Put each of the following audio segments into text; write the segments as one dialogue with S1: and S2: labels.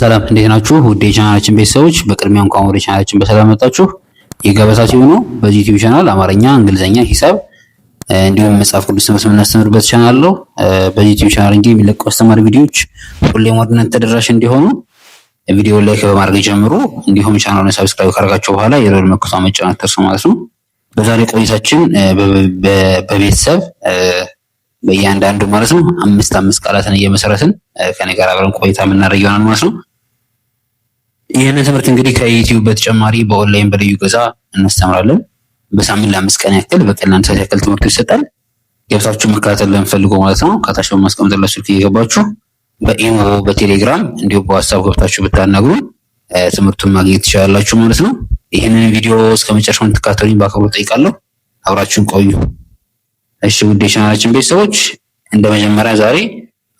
S1: ሰላም እንዴት ናችሁ? ውድ የቻናላችን ቤተሰቦች፣ በቅድሚያ እንኳን ወደ ቻናላችን በሰላም መጣችሁ። የገበታ ሲሆኑ በዚህ ዩቲዩብ ቻናል አማርኛ፣ እንግሊዝኛ፣ ሂሳብ እንዲሁም መጽሐፍ ቅዱስ ትምህርት የምናስተምርበት ቻናል ነው። በዚህ ዩቲዩብ ቻናል እንግዲህ የሚለቁ አስተማሪ ቪዲዮዎች ሁሌም ወደ እናንተ ተደራሽ እንዲሆኑ ቪዲዮ ላይክ በማድረግ ጀምሩ። እንዲሁም ቻናሉን ሰብስክራይብ ካደረጋችሁ በኋላ የደወል ምልክቱን መጫን አትርሱ ማለት ነው። በዛሬ ቆይታችን በቤተሰብ በእያንዳንዱ ማለት ነው አምስት አምስት ቃላትን እየመሰረትን ከኔ ጋር አብረን ቆይታ የምናደርግ ይሆናል ማለት ነው። ይህንን ትምህርት እንግዲህ ከዩቲዩብ በተጨማሪ በኦንላይን በልዩ ገዛ እናስተምራለን። በሳምንት ለአምስት ቀን ያክል በቀን ለአንድ ያክል ትምህርቱ ይሰጣል። ገብታችሁ መከታተል ለምፈልገው ማለት ነው ከታች በማስቀመጥላችሁ ስልክ እየገባችሁ በኢሞ በቴሌግራም እንዲሁም በዋትሳፕ ገብታችሁ ብታናግሩ ትምህርቱን ማግኘት ትችላላችሁ ማለት ነው። ይህንን ቪዲዮ እስከ መጨረሻው እንድትከታተሉኝ በአክብሮት ጠይቃለሁ። አብራችሁን ቆዩ። እሺ ውድ የቻናላችን ቤተሰቦች እንደ መጀመሪያ ዛሬ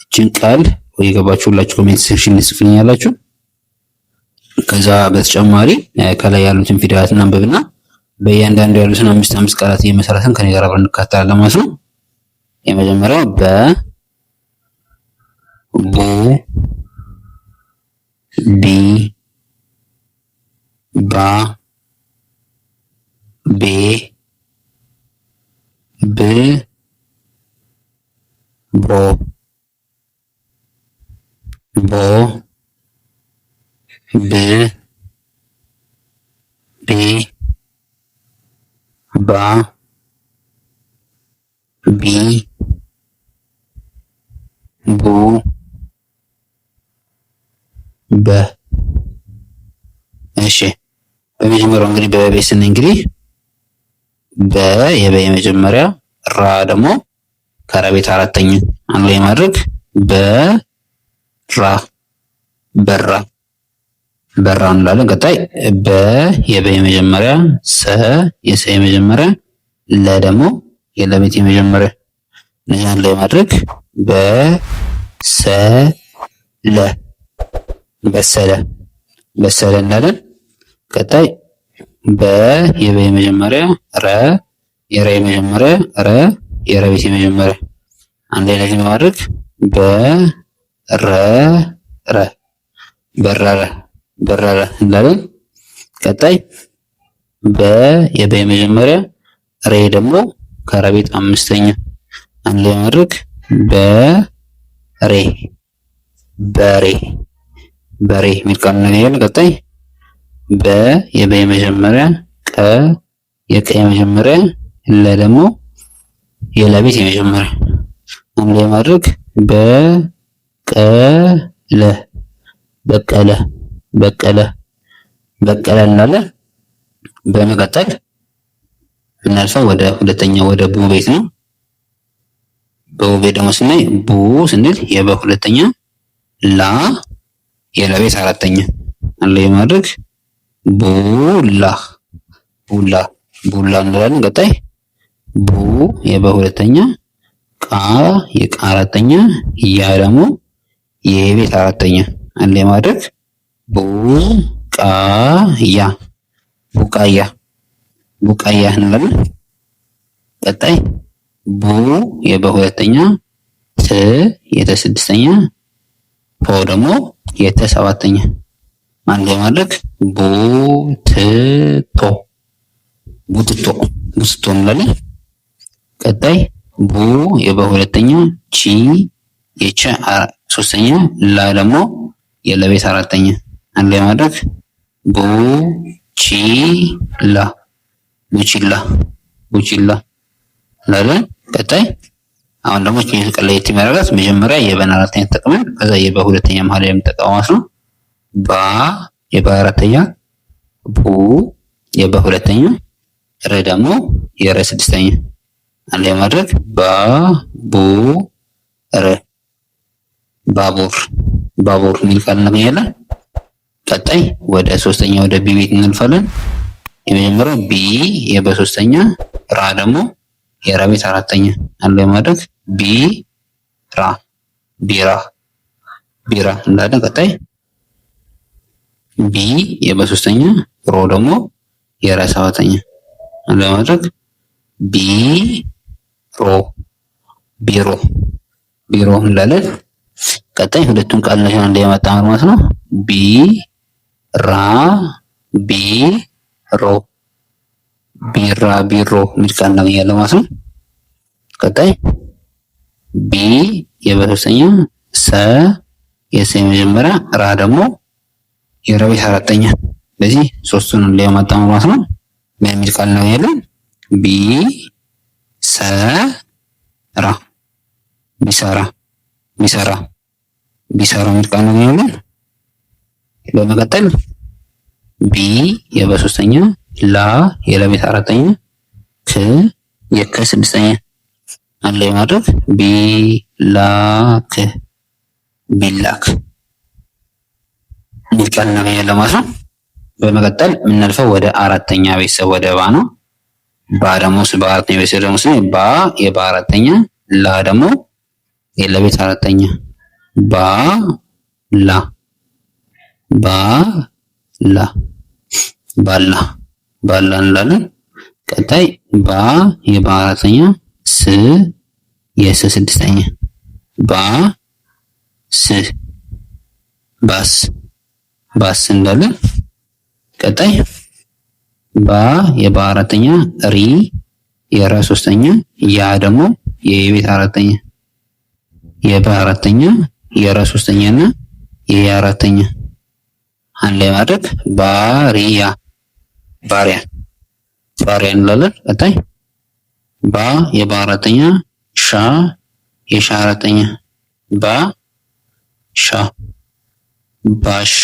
S1: እችን ቃል ወይ የገባችሁ ሁላችሁ ኮሜንት ሴክሽን ጽፉልኛላችሁ ከዛ በተጨማሪ ከላይ ያሉትን ፊደላት እናንብብና በእያንዳንዱ ያሉትን አምስት አምስት ቃላት እየመሰረትን ከኔ ጋር አብረን እንካተላለን ማለት ነው። የመጀመሪያው በ ቦ ቢ ባ ቤ ብ ቦ ቦ ብ ቢ ባ ቢ ቡ በ እሺ በመጀመሪያው እንግዲህ በቤት ስን እንግዲህ በ የበ የመጀመሪያ ራ ደግሞ ከረቤት አራተኛ አንድ ላይ ማድረግ በራ በራ በራ እንላለን። ቀጣይ በ የበ የመጀመሪያ ሰ የሰ የመጀመሪያ ለ ደግሞ የለቤት የመጀመሪያ እነዚያን ላይ ማድረግ ለ በሰለ በሰለ እንላለን። ቀጣይ በ የበ የመጀመሪያ ረ የረ የመጀመሪያ ረ የረቤት የመጀመሪያ አንድ ላይ ለዚህ ማድረግ በረረ በረረ በረረ እንላለን። ቀጣይ በ የበ የመጀመሪያ ሬ ደግሞ ከረቤት አምስተኛ አንድ ላይ ማድረግ በሬ በሬ በሬ የሚል ቃል እናገኛለን። ቀጣይ በ የበ የመጀመሪያ ቀ የቀ የመጀመሪያ ለ ደግሞ የለቤት የመጀመሪያ አንድ ላይ ማድረግ በቀለ በቀለ በቀለ በቀለ እንላለን። በመቀጠል እናልፈው ወደ ሁለተኛ ወደ ቡ ቤት ነው። በቡ ቤት ደግሞ ስናይ ቡ ስንል የበ ሁለተኛ ላ የለቤት አራተኛ አለ የማድረግ ቡ ላ ቡላ ቡላ እንላለን። ቀጣይ ቡ የበ ሁለተኛ ቃ የቃ አራተኛ ያ ደግሞ የቤት አራተኛ አለ የማድረግ ቡቃያ ቡቃያ ቡቃያ እንላለን። ቀጣይ ቡ የበሁለተኛ ስ የተስድስተኛ ፖ ደግሞ የተ ሰባተኛ አንድ በማድረግ ቡትቶ ቡትቶ ቡትቶ እንላለን። ቀጣይ ቡ የበሁለተኛ ቺ የቸ ሶስተኛ ላ ደግሞ የለቤት አራተኛ አንድ ላይ ማድረግ ቡቺላ ቡቺላ ቡቺላ እንላለን። ቀጣይ አሁን ደግሞ እቺን ቃል ለየት የሚያደርጋት መጀመሪያ የበን አራተኛ ተጠቅመን ከዛ የበ ሁለተኛ መሀል የምንጠቀማት ነው። ባ የበ አራተኛ፣ ቡ የበ ሁለተኛ፣ ረ ደግሞ የረ ስድስተኛ አንድ ላይ ማድረግ ባ ቡ ረ ባቡር ባቡር የሚል ቃል እናገኛለን። ቀጣይ ወደ ሶስተኛ ወደ ቢ ቤት እናልፋለን። የመጀመሪያው ቢ የበሶስተኛ ራ ደግሞ የራ ቤት አራተኛ አለ ማድረግ ቢ ራ ቢራ ቢራ እንዳለን ቀጣይ ቢ የበሶስተኛ ሮ ደግሞ የራ ሰባተኛ አለ ማድረግ ቢ ሮ ቢሮ ቢሮ እንዳለን ቀጣይ ሁለቱን ቃል ላይ አንድ የማጣመር ማለት ነው ቢ ራቢሮ ቢራቢሮ የሚል ቃል እናገኛለን ማለት ነው። ቀጣይ ቢ የበሶስተኛ ሰ የሰ የመጀመሪያ ራ ደግሞ የረቤት አራተኛ በዚህ ሶስቱን ሊያማጣሙ ማለት ነው። ምን የሚል ቃል እናገኛለን? ቢ ሰ ራ ቢሰራ ቢሰራ ቢሰራ የሚል ቃል እናገኛለን። በመቀጠል ቢ የበሶስተኛ ላ የለቤት አራተኛ ክ የከ ስድስተኛ አለ ላይ ማድረግ ቢ ላ ክ ቢላክ ሚል ቃል እናገኛለን ማለት ነው። በመቀጠል የምናልፈው ወደ አራተኛ ቤተሰብ ወደ ባ ነው። ባ ደግሞ በአራተኛ ቤተሰብ ደግሞ ስ ባ የባ አራተኛ ላ ደግሞ የለቤት አራተኛ ባ ላ ባላ ባላ ባላ እንላለን። ቀጣይ ባ የባ አራተኛ ስ የስ ስድስተኛ ባ ስ ባስ ባስ እንላለን። ቀጣይ ባ የባ አራተኛ ሪ የራ ሶስተኛ ያ ደግሞ የቤት አራተኛ የባ አራተኛ የራ ሶስተኛና የያ አራተኛ አንድ ላይ ማድረግ ባሪያ ባሪያ ባሪያ እንላለን። ቀጣይ ባ የባ አራተኛ ሻ የሻ አራተኛ ባ ሻ ባሻ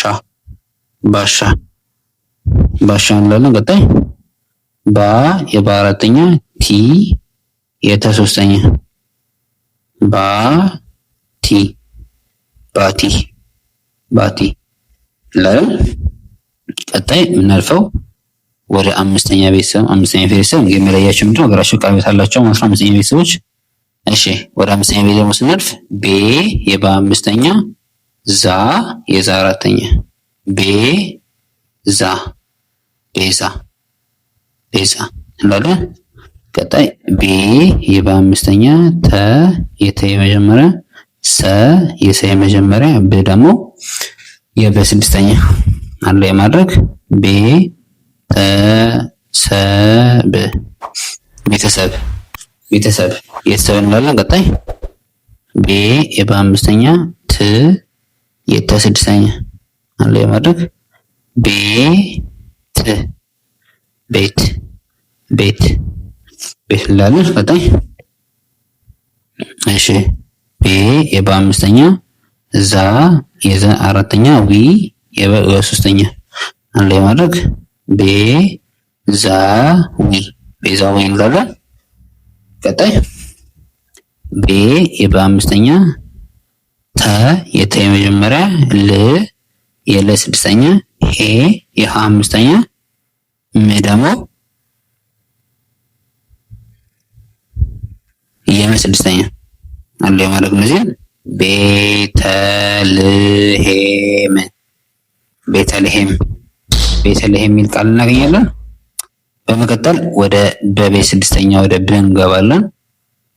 S1: ባሻ ባሻ እንላለን። ቀጣይ ባ የባ አራተኛ ቲ የተ ሶስተኛ ባ ቲ ባቲ ባቲ ቀጣይ የምናልፈው ወደ አምስተኛ ቤተሰብ አምስተኛ ቤተሰብ እንግዲህ የሚለያቸው ምንድነው? ሀገራቸው ቃል አላቸው ማለት ነው። አምስተኛ ቤተሰቦች እሺ፣ ወደ አምስተኛ ቤት ደግሞ ስናልፍ ቤ የባ አምስተኛ፣ ዛ የዛ አራተኛ፣ ቤ ዛ ቤዛ ቤዛ እንላለን። ቀጣይ ቤ የባ አምስተኛ፣ ተ የተ የመጀመሪያ፣ ሰ የሰ የመጀመሪያ፣ ብ ደግሞ የበስድስተኛ አለ የማድረግ ማድረግ ቤተሰብ ቤተሰብ ቤተሰብ ቤተሰብ እንላለን። ቀጣይ ቤ የበአምስተኛ ት የተስድስተኛ አለ የማድረግ ቤት ቤት ቤት ቤት እንላለን። ቀጣይ እሺ ቤ የበአምስተኛ ዛ የዘ አራተኛ ዊ የበ ሶስተኛ አንድ ላይ ማድረግ ቤዛዊ ዊ እንላለን። ቀጣይ ቤ የበ አምስተኛ ተ የተ የመጀመሪያ ል የለ ስድስተኛ ሄ የሀ አምስተኛ ም ደግሞ የመ ስድስተኛ አንድ ላይ ማድረግ እነዚህን ቤተልሔም ቤተልሔም ቤተልሔም የሚል ቃል እናገኛለን። በመቀጠል ወደ በቤ ስድስተኛ ወደ ብ እንገባለን።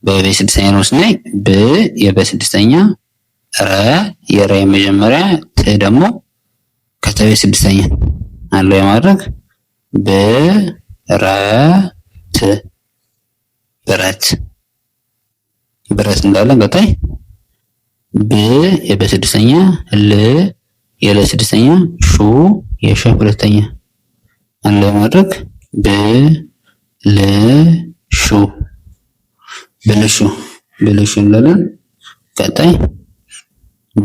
S1: በቤ ስድስተኛ ነው ስናይ ብ የበ ስድስተኛ ረ የረ የመጀመሪያ ት ደግሞ ከተቤ ስድስተኛ አለው የማድረግ ብ ረ ት ብረት ብረት እንዳለን ቀጣይ ብ የበስድስተኛ ል የለስድስተኛ ሹ የሸ ሁለተኛ አንድ ላይ ማድረግ ብ ል ሹ ብልሹ ብልሹ እንላለን። ቀጣይ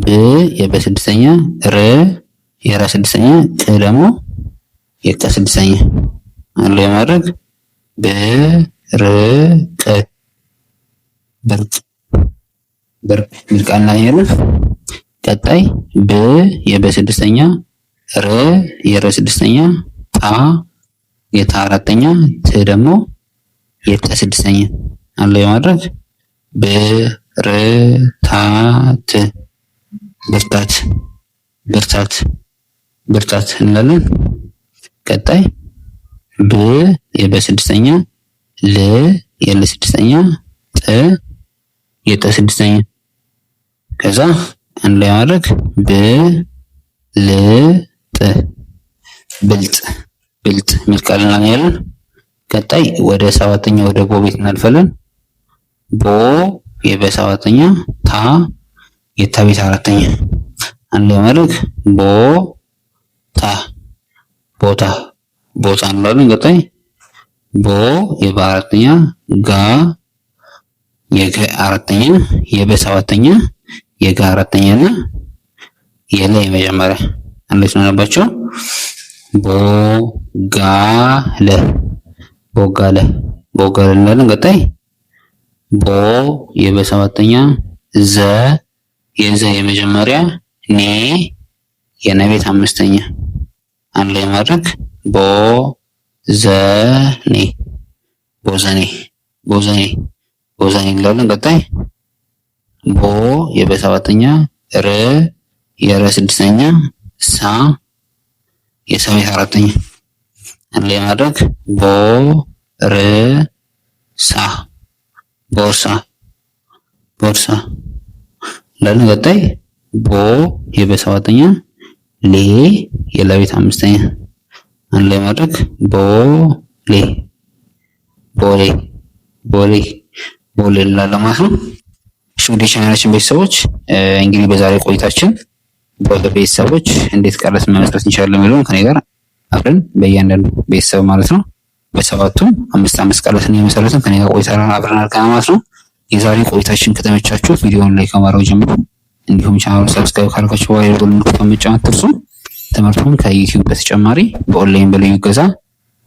S1: ብ የበስድስተኛ ር የራ ስድስተኛ ቅ ደግሞ የቀ ስድስተኛ አንድ ላይ ማድረግ ብ ር ቀ ብርቅ ብር የሚል ቃል ቀጣይ ብ የበ ስድስተኛ፣ ር የረ ስድስተኛ፣ ታ የታ አራተኛ፣ ት ደግሞ የተ ስድስተኛ አንድ ላይ ብርታት ብርታት ብርታት ብርታት እንላለን። ቀጣይ ብ የበ ስድስተኛ፣ ል የለ ስድስተኛ፣ ጥ የጠ ስድስተኛ ከዛ አንድ ላይ ማድረግ ብልጥ ብልጥ ብልጥ የሚል ቃል እናገኛለን። ቀጣይ ወደ ሰባተኛ ወደ ቦ ቤት እናልፋለን። ቦ የበሰባተኛ ታ የታ ቤት አራተኛ አንድ ላይ ማድረግ ቦ ታ ቦታ ቦታ እንላለን። ቀጣይ ቦ የበአራተኛ ጋ የገ አራተኛ የበሰባተኛ የጋ አራተኛ እና የለ የመጀመሪያ እንዴት ነው ያለባቸው? ቦጋለ ቦጋለ ቦጋለ እንላለን። ቀጣይ ቦ የበሰባተኛ ዘ የዘ የመጀመሪያ ኔ የነቤት አምስተኛ አንድ ላይ ማድረግ ቦ ዘ ኔ ቦዘኔ ቦዘኔ ቦዘኔ እንላለን። ቀጣይ ቦ የበሰባተኛ ረ የረ ስድስተኛ ሳ የሰሜ አራተኛ አንድ ማድረግ ቦ ረ ሳ ቦርሳ ቦርሳ እንዳለን ቀጣይ ቦ የበሰባተኛ ሌ የለቤት አምስተኛ አንድ ላይ ማድረግ ቦ ሌ ቦሌ ቦሌ ቦሌ ላለ ማለት ነው። ውድ የቻናላችን ቤተሰቦች እንግዲህ በዛሬ ቆይታችን ቤተሰቦች እንዴት ቀረት መመስረት እንችላለን የሚለውን ከኔ ጋር አብረን በእያንዳንዱ ቤተሰብ ማለት ነው በሰባቱም አምስት አምስት ቃላትን የመሰረትን ከኔ ጋር ቆይታ አብረን አድርገናል ማለት ነው። የዛሬ ቆይታችን ከተመቻችሁ ቪዲዮን ላይ ከማድረግ ጀምሮ እንዲሁም ቻናሉ ሰብስክራይብ ካደረጋችሁ በኋላ የደወል ምልክቱን መጫን አትርሱ። ትምህርቱን ከዩቲዩብ በተጨማሪ በኦንላይን በልዩ ገዛ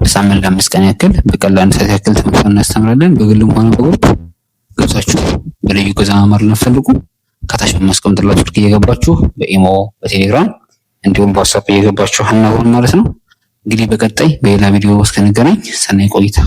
S1: በሳምንት ለአምስት ቀን ያክል በቀላል ሰዓት ያክል ትምህርቱን እናስተምራለን በግልም ሆነ በግሩፕ ገብታችሁ በልዩ ገዛ መማር ለምትፈልጉ ከታች በማስቀምጥላችሁ ልክ እየገባችሁ በኢሞ በቴሌግራም እንዲሁም በዋትስአፕ እየገባችሁ አናግሩን ማለት ነው። እንግዲህ በቀጣይ በሌላ ቪዲዮ እስከንገናኝ ሰናይ ቆይታ